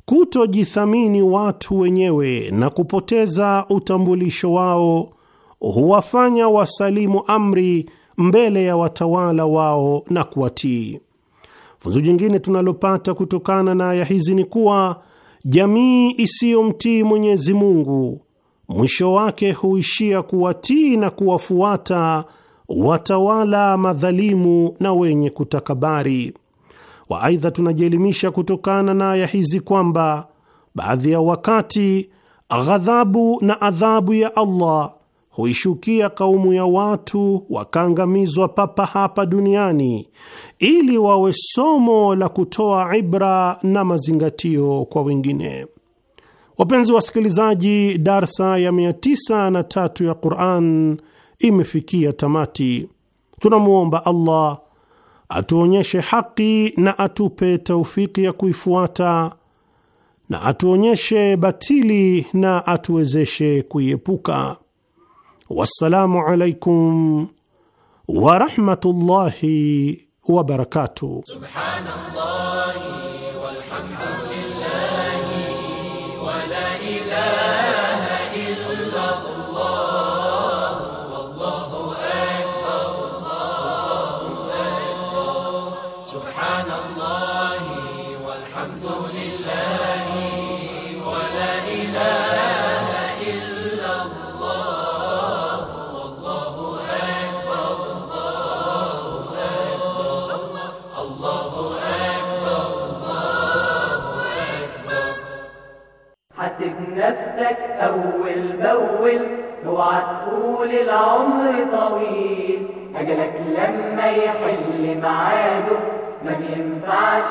kutojithamini watu wenyewe na kupoteza utambulisho wao huwafanya wasalimu amri mbele ya watawala wao na kuwatii. Funzo jingine tunalopata kutokana na aya hizi ni kuwa jamii isiyomtii Mwenyezi Mungu mwisho wake huishia kuwatii na kuwafuata watawala madhalimu na wenye kutakabari wa aidha, tunajielimisha kutokana na aya hizi kwamba baadhi ya wakati ghadhabu na adhabu ya Allah huishukia kaumu ya watu wakaangamizwa papa hapa duniani ili wawe somo la kutoa ibra na mazingatio kwa wengine. Wapenzi wasikilizaji, darsa ya 903 ya Qur'an imefikia tamati. Tunamwomba Allah atuonyeshe haki na atupe taufiki ya kuifuata na atuonyeshe batili na atuwezeshe kuiepuka. Wassalamu alaikum warahmatullahi wabarakatuh. Subhanallah.
نفسك أول بأول اوعى تقول العمر طويل أجلك لما يحل معاده ما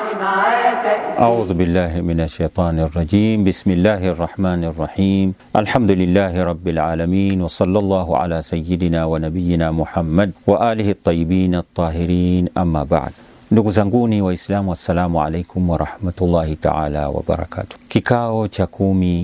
أعوذ بالله من الشيطان الرجيم بسم الله الرحمن الرحيم الحمد لله رب العالمين وصلى الله على سيدنا ونبينا محمد وآله الطيبين الطاهرين أما بعد نغزنغوني وإسلام والسلام عليكم ورحمة الله تعالى وبركاته كيكاو تشاكومي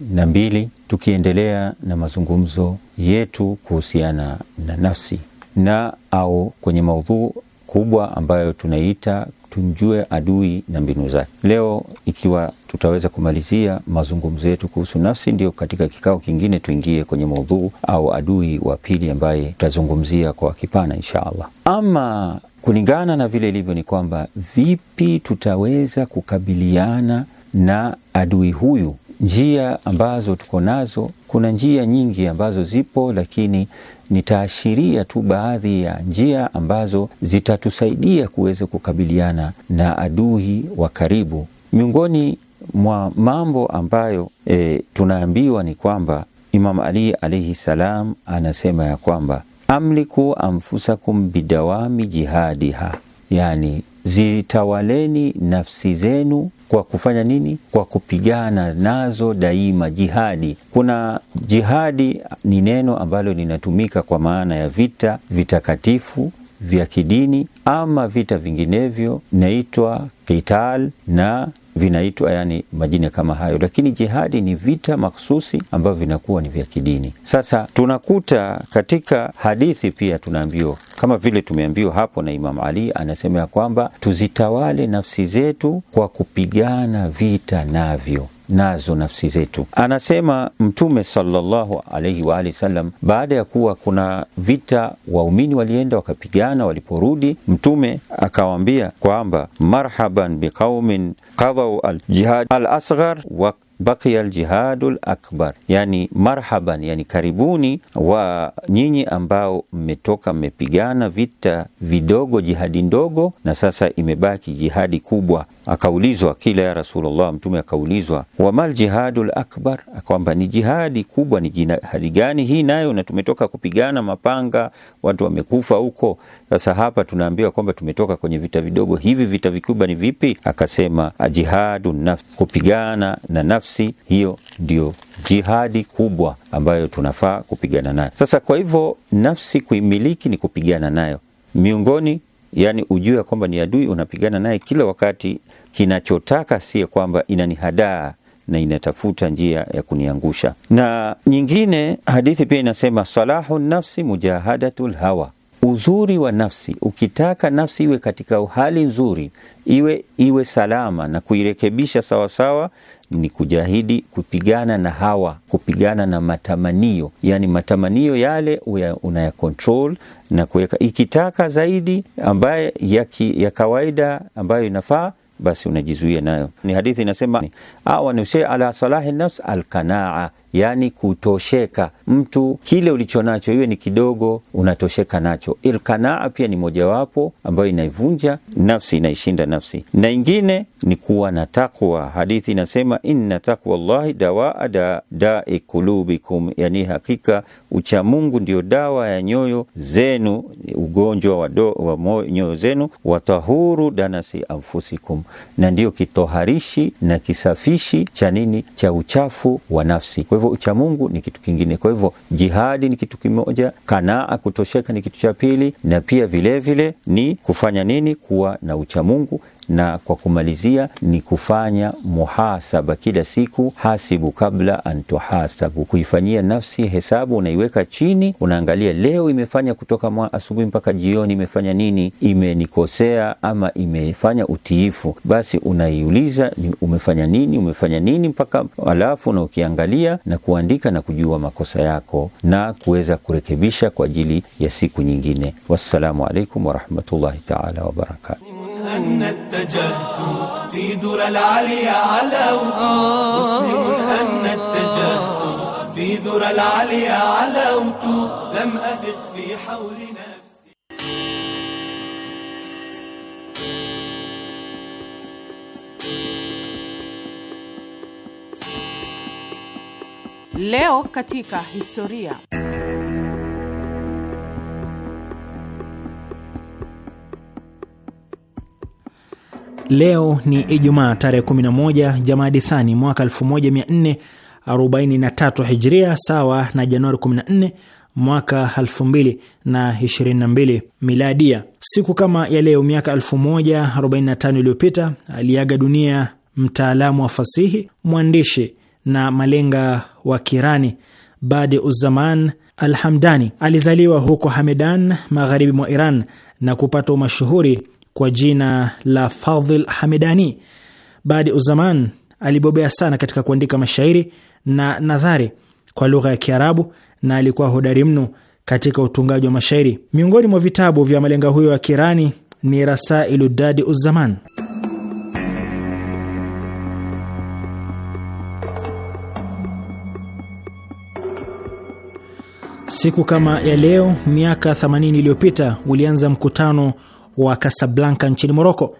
na mbili tukiendelea na mazungumzo yetu kuhusiana na nafsi na au kwenye maudhuu kubwa ambayo tunaita tumjue adui na mbinu zake. Leo ikiwa tutaweza kumalizia mazungumzo yetu kuhusu nafsi, ndio katika kikao kingine tuingie kwenye maudhuu au adui wa pili, ambaye tutazungumzia kwa kipana insha Allah. Ama kulingana na vile ilivyo, ni kwamba vipi tutaweza kukabiliana na adui huyu njia ambazo tuko nazo, kuna njia nyingi ambazo zipo, lakini nitaashiria tu baadhi ya njia ambazo zitatusaidia kuweza kukabiliana na adui wa karibu. Miongoni mwa mambo ambayo e, tunaambiwa ni kwamba Imam Ali alaihi salam anasema ya kwamba amliku anfusakum bidawami jihadiha, yani zitawaleni nafsi zenu kwa kufanya nini? Kwa kupigana nazo daima, jihadi. Kuna jihadi ni neno ambalo linatumika kwa maana ya vita vitakatifu vya kidini ama vita vinginevyo, inaitwa kital na vinaitwa yani majina kama hayo, lakini jihadi ni vita maksusi ambavyo vinakuwa ni vya kidini. Sasa tunakuta katika hadithi pia tunaambiwa kama vile tumeambiwa hapo na Imam Ali anasema ya kwamba tuzitawale nafsi zetu kwa kupigana vita navyo nazo nafsi zetu. Anasema Mtume sallallahu alaihi wasallam, baada ya kuwa kuna vita waumini walienda wakapigana, waliporudi Mtume akawaambia kwamba marhaban biqaumin qadau aljihad al asghar wa baqiya ljihadu akbar, yani marhaban, yani karibuni wa nyinyi ambao mmetoka mmepigana vita vidogo, jihadi ndogo, na sasa imebaki jihadi kubwa. Akaulizwa kila ya Rasulullah, Mtume akaulizwa wamal jihadul akbar, kwamba ni jihadi kubwa, ni jihadi gani hii nayo, na tumetoka kupigana mapanga, watu wamekufa huko sasa hapa tunaambiwa kwamba tumetoka kwenye vita vidogo hivi, vita vikubwa ni vipi? Akasema jihadu nafsi, kupigana na nafsi, hiyo ndio jihadi kubwa ambayo tunafaa kupigana nayo. Sasa kwa hivyo nafsi kuimiliki ni kupigana nayo miongoni, yani ujue kwamba ni adui unapigana naye kila wakati, kinachotaka sie kwamba inanihadaa na inatafuta njia ya kuniangusha. Na nyingine hadithi pia inasema salahu nafsi mujahadatu lhawa uzuri wa nafsi. Ukitaka nafsi iwe katika hali nzuri, iwe iwe salama na kuirekebisha sawasawa, ni kujahidi kupigana na hawa, kupigana na matamanio. Yani matamanio yale unayakontrol na kuweka, ikitaka zaidi ambaye ya, ki, ya kawaida ambayo inafaa basi unajizuia nayo. Ni hadithi inasema awanushe ala salahi nafs alqanaa yaani kutosheka. Mtu kile ulicho nacho iwe ni kidogo, unatosheka nacho. Ilkanaa pia ni mojawapo ambayo inaivunja nafsi, inaishinda nafsi, na ingine ni kuwa na takwa. Hadithi inasema inna takwa llahi dawaa da, dai kulubikum, yani hakika uchamungu ndio dawa ya nyoyo zenu, ugonjwa wa, do, wa nyoyo zenu, watahuru danasi anfusikum, na ndio kitoharishi na kisafishi cha nini, cha uchafu wa nafsi. Kwa hivyo hivyo ucha Mungu ni kitu kingine. Kwa hivyo jihadi ni kitu kimoja, kanaa kutosheka ni kitu cha pili, na pia vilevile vile, ni kufanya nini? Kuwa na ucha Mungu na kwa kumalizia ni kufanya muhasaba kila siku, hasibu kabla antuhasabu, kuifanyia nafsi hesabu, unaiweka chini, unaangalia leo imefanya kutoka mwa asubuhi mpaka jioni, imefanya nini, imenikosea ama imefanya utiifu. Basi unaiuliza umefanya nini, umefanya nini mpaka, alafu na ukiangalia na kuandika na kujua makosa yako na kuweza kurekebisha kwa ajili ya siku nyingine. Wassalamu alaikum warahmatullahi taala wabarakatu.
أن اتجهت في ذرى العلي علوت مسلم أن اتجهت في ذرى العلي علوت لم أثق في حول نفسي
Leo katika historia.
Leo ni Ijumaa tarehe 11 Jamadi Thani mwaka 1443 Hijria, sawa na Januari 14 mwaka 2022 Miladia. Siku kama ya leo miaka 1045 iliyopita aliaga dunia mtaalamu wa fasihi, mwandishi na malenga wa Kirani Badi Uzaman Alhamdani. Alizaliwa huko Hamedan, magharibi mwa Iran na kupata umashuhuri kwa jina la Fadhil Hamedani. Baadi Uzaman alibobea sana katika kuandika mashairi na nadhari kwa lugha ya Kiarabu na alikuwa hodari mno katika utungaji wa mashairi. Miongoni mwa vitabu vya malenga huyo wa Kirani ni Rasailu Dadi Uzaman. Siku kama ya leo miaka 80 iliyopita ulianza mkutano wa Kasablanka nchini Moroko.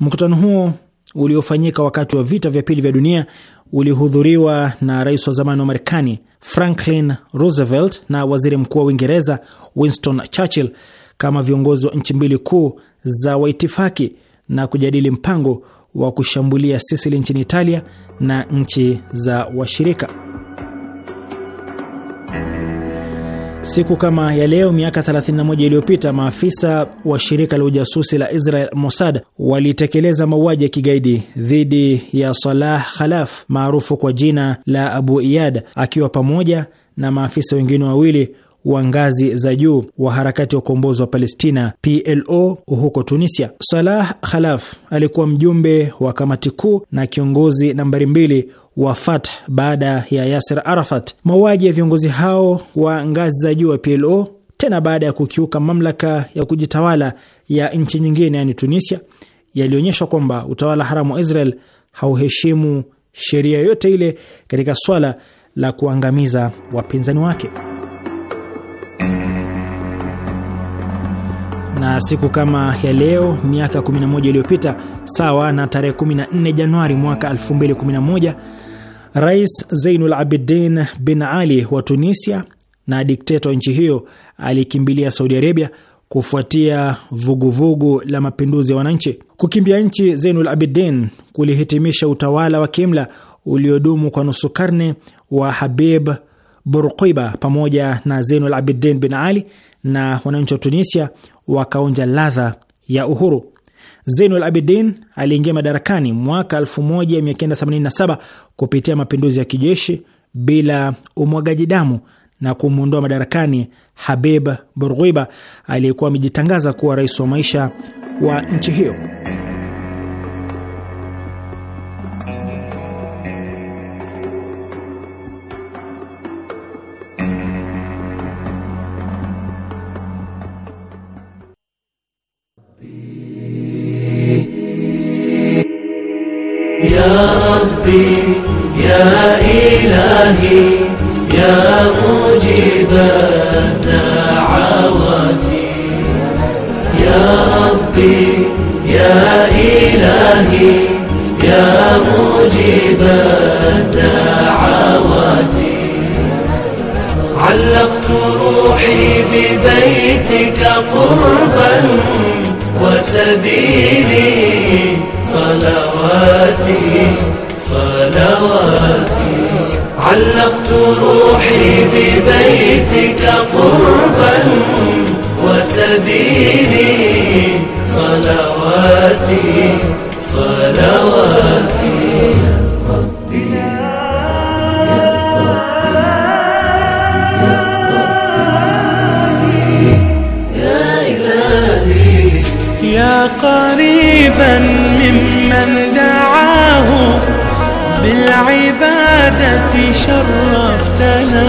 Mkutano huo uliofanyika wakati wa vita vya pili vya dunia ulihudhuriwa na rais wa zamani wa Marekani Franklin Roosevelt na waziri mkuu wa Uingereza Winston Churchill kama viongozi wa nchi mbili kuu za waitifaki na kujadili mpango wa kushambulia Sisili nchini Italia na nchi za washirika. Siku kama ya leo miaka 31 iliyopita maafisa wa shirika la ujasusi la Israel Mossad walitekeleza mauaji ya kigaidi dhidi ya Salah Khalaf maarufu kwa jina la Abu Iyad akiwa pamoja na maafisa wengine wawili wa ngazi za juu wa harakati ya ukombozi wa Palestina PLO huko Tunisia. Salah Khalaf alikuwa mjumbe wa kamati kuu na kiongozi nambari mbili wa Fatah baada ya Yasser Arafat. Mauaji ya viongozi hao wa ngazi za juu wa PLO tena baada ya kukiuka mamlaka ya kujitawala ya nchi nyingine yani Tunisia yalionyesha kwamba utawala haramu wa Israel hauheshimu sheria yoyote ile katika swala la kuangamiza wapinzani wake. na siku kama ya leo miaka 11 iliyopita, sawa na tarehe 14 Januari mwaka 2011, Rais Zeinul Abidin bin Ali wa Tunisia na dikteta wa nchi hiyo alikimbilia Saudi Arabia kufuatia vuguvugu vugu la mapinduzi ya wananchi. Kukimbia nchi Zeinul Abidin kulihitimisha utawala wa kimla uliodumu kwa nusu karne wa Habib burquiba pamoja na Zainul Abidin bin Ali na wananchi wa Tunisia wakaonja ladha ya uhuru. Zainul Abidin aliingia madarakani mwaka 1987 kupitia mapinduzi ya kijeshi bila umwagaji damu na kumwondoa madarakani Habib burguiba aliyekuwa amejitangaza kuwa rais wa maisha wa nchi hiyo.
عبادتي شرفتنا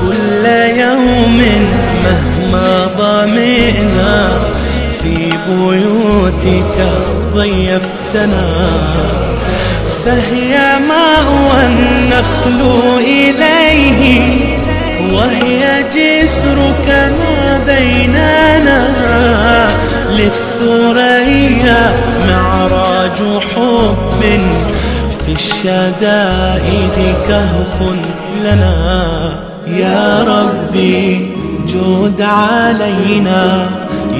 كل يوم مهما ضمئنا في بيوتك ضيفتنا فهي هو النخل إليه وهي جسرك ما بيننا للثريا معراج حب في الشدائد كهف لنا يا ربي جود علينا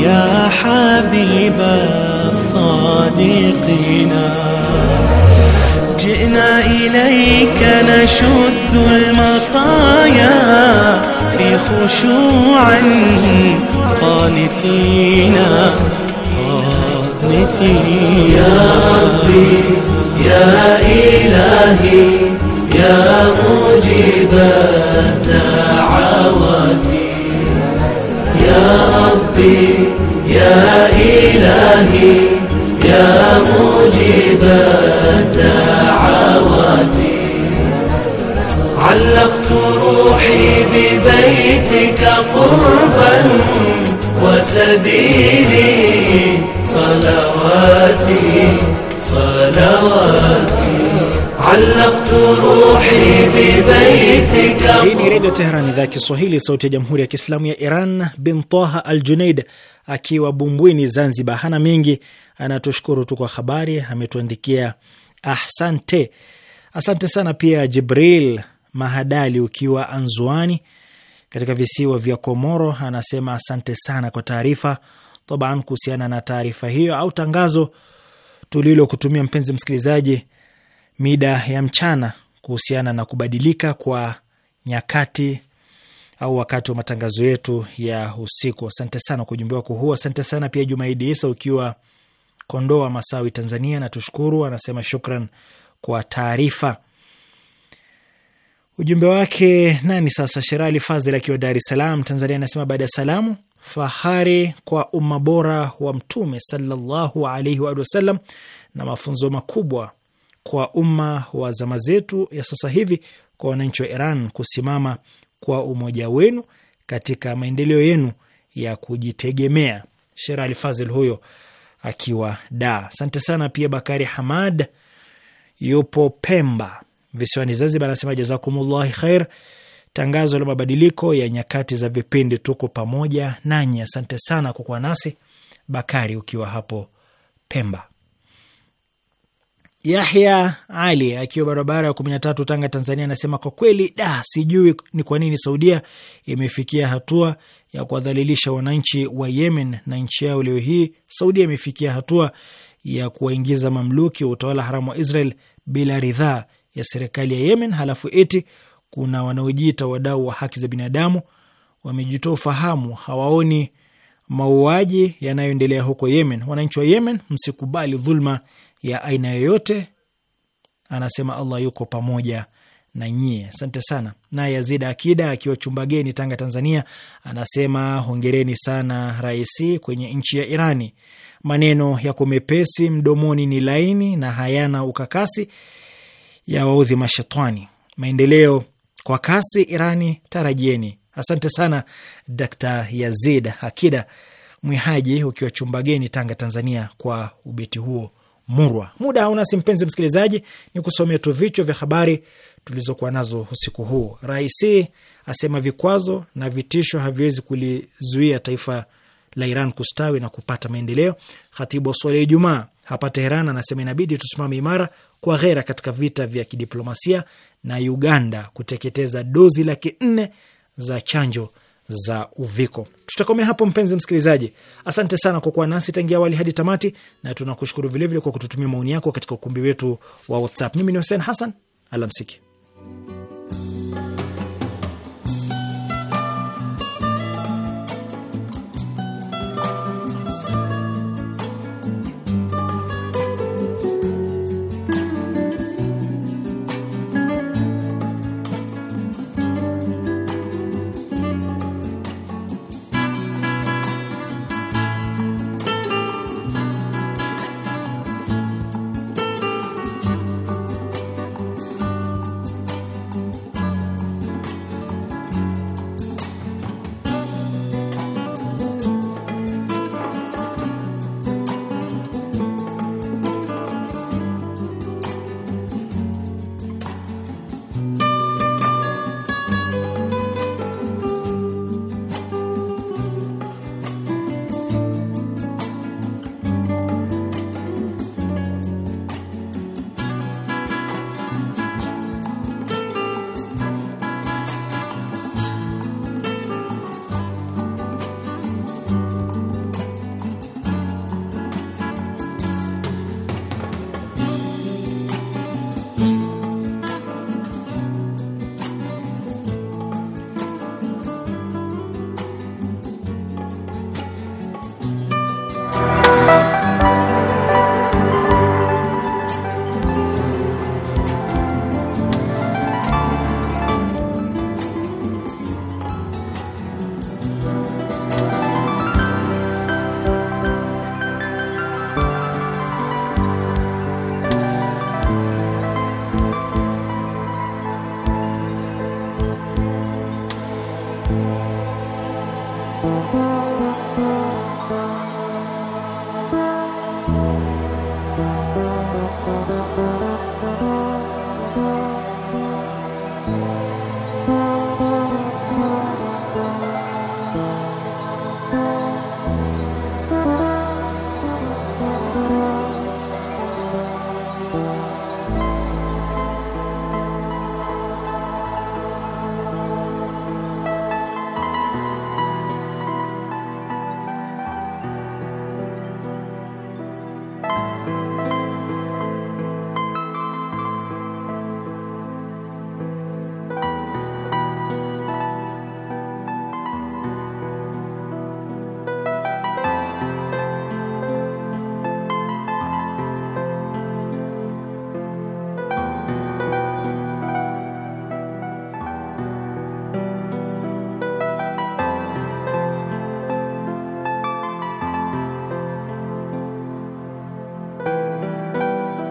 يا حبيب الصادقين جئنا إليك نشد المطايا في خشوع قانتينا قانتينا يا ربي
يا إلهي يا مجيب الدعوات يا ربي يا إلهي يا مجيب الدعوات علقت روحي ببيتك قربا وسبيلي صلواتي
Hii ni Redio Teheran, idhaa ya Kiswahili, sauti ya Jamhuri ya Kiislamu ya Iran. Bin Taha Al Junaid akiwa Bumbwini, Zanzibar, hana mengi, anatushukuru tu kwa habari, ametuandikia ahsante. Asante sana pia Jibril Mahadali ukiwa Anzuani katika visiwa vya Komoro, anasema asante sana kwa taarifa toban. kuhusiana na taarifa hiyo au tangazo tulilokutumia mpenzi msikilizaji, mida ya mchana kuhusiana na kubadilika kwa nyakati au wakati wa matangazo yetu ya usiku. Asante sana kwa ujumbe wako huu. Asante sana pia Jumaidi Isa ukiwa Kondoa Masawi, Tanzania, natushukuru. Anasema shukran kwa taarifa. Ujumbe wake nani sasa? Sherali Fazil akiwa Dar es Salaam, Tanzania, anasema baada ya salamu fahari kwa umma bora wa Mtume sallallahu alaihi wa sallam na mafunzo makubwa kwa umma wa zama zetu ya sasa hivi kwa wananchi wa Iran kusimama kwa umoja wenu katika maendeleo yenu ya kujitegemea. Shera Fazil huyo akiwa da. Asante sana pia Bakari Hamad yupo Pemba visiwani Zanzibar, anasema jazakumullahi khair tangazo la mabadiliko ya nyakati za vipindi. Tuko pamoja nanyi. Asante sana kwa kuwa nasi, Bakari, ukiwa hapo Pemba. Yahya Ali akiwa barabara ya kumi na tatu, Tanga, Tanzania, anasema kwa kweli da, sijui ni kwa nini Saudia imefikia hatua ya kuwadhalilisha wananchi wa Yemen na nchi yao leo hii. Saudia imefikia hatua ya kuwaingiza mamluki wa utawala haramu wa Israel bila ridhaa ya serikali ya Yemen, halafu eti kuna wanaojiita wadau wa haki za binadamu wamejitoa ufahamu, hawaoni mauaji yanayoendelea huko Yemen. Wananchi wa Yemen, msikubali dhulma ya aina yoyote, anasema Allah yuko pamoja na nyie. Asante sana. Naye Yazid Akida akiwa Chumbageni, Tanga, Tanzania, anasema hongereni sana Raisi kwenye nchi ya Irani. Maneno yako mepesi, mdomoni ni laini na hayana ukakasi, ya waudhi mashetani. Maendeleo kwa kasi Irani tarajieni. Asante sana Dr. Yazid Akida Mwihaji ukiwa chumba geni Tanga, Tanzania, kwa ubeti huo murwa. Muda hauna si, mpenzi msikilizaji, ni kusomea tu vichwa vya habari tulizokuwa nazo usiku huu. Rais asema vikwazo na vitisho haviwezi kulizuia taifa la Iran kustawi na kupata maendeleo. Khatibu wa swala ya Ijumaa hapa Teheran anasema inabidi tusimame imara kwa ghera katika vita vya kidiplomasia na Uganda kuteketeza dozi laki nne za chanjo za uviko. Tutakomea hapo mpenzi msikilizaji, asante sana kwa kuwa nasi tangia awali hadi tamati, na tunakushukuru vilevile kwa kututumia maoni yako katika ukumbi wetu wa WhatsApp. Mimi ni Hussein Hassan, alamsiki.